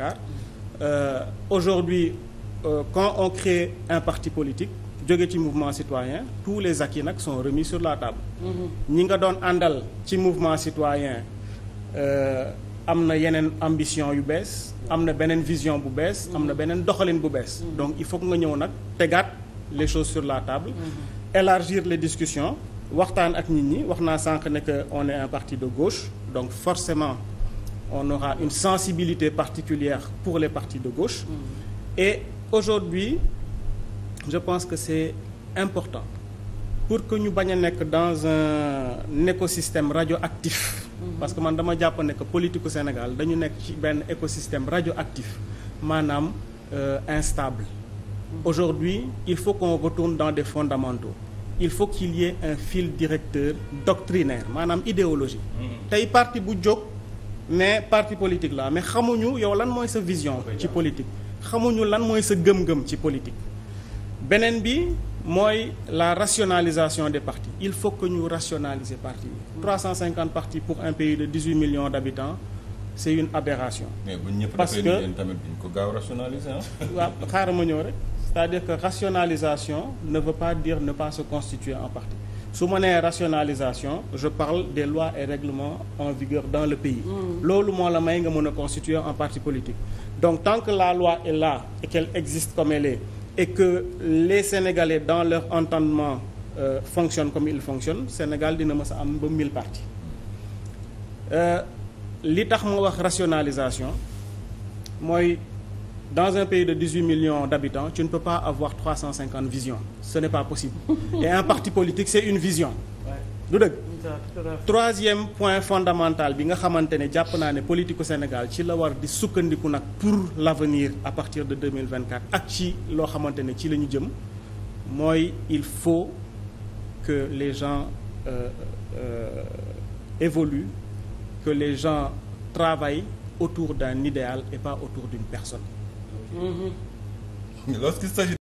Dakar euh, aujourd'hui euh, quand on crée un parti politique jóge ci mouvement citoyen tous les acquis nag sont remis sur la table mm-hmm. ñi nga doon àndal ci mouvement citoyen euh, am na yeneen ambition yu bees am na beneen vision bu bees am na mm-hmm. beneen doxalin bu bees mm-hmm. donc il faut nga ñëw nag tegaat les choses sur la table élargir les discussions waxtaan ak nit ñi wax naa sànq ne que on est un parti de gauche donc forcément on aura une sensibilité particulière pour les partis de gauche. Mm. Et aujourd'hui, je pense que c'est important pour que ñu bañ a nekk dans un écosystème radioactif. Mm-hmm. parce que man dama jàpp ne que politique u Sénégal dañu nekk ci benn écosystème radioactif maanaam euh, instable. Mm-hmm. aujourd'hui il faut qu'on retourne dans des fondamentaux il faut qu'il y ait un fil directeur doctrinaire maanaam idéologie. Mm-hmm. tey parti bu jóg. mais parti politique la mais xamuñu yow lan mooy sa vision ci politique xamuñu lan mooy sa gëm-gëm ci politique beneen bi mooy la rationalisation des partis il faut que ñu rationaliser parti yi 350 partis pour un pays de 18 millions d'habitants c'est une aberration mais bu ñëpp parce que tamit ko gaaw rationaliser waaw xaaral ma ñëw rek c'est-à-dire que rationalisation ne veut pas dire ne pas se constituer en parti su ma nee rationalisation je parle des lois et règlements en vigueur dans le pays mm. loolu moo la may nga mën a constituer en parti politique donc tant que la loi est là et qu'elle existe comme est et que les Sénégalais dans leur entendement euh, fonctionnent comme ils fonctionnent Sénégal dina mës a am ba mille partis euh, li tax ma wax rationalisation mooy dans un pays de 18 millions d'habitants tu ne peux pas avoir 350 visions ce n'est pas possible et un parti politique c'est une vision du dëgg troisième point fondamental bi nga xamante ne jàpp naa ne politique Sénégal ci la war di sukkandiku nag pour l'avenir à partir de 2024 ak ci loo xamante ne ci lañu ñu jëm mooy il faut que les gens euh, euh, évoluent que les gens travaillent autour d'un idéal et pas autour d'une personne Lorsqu'il s'agit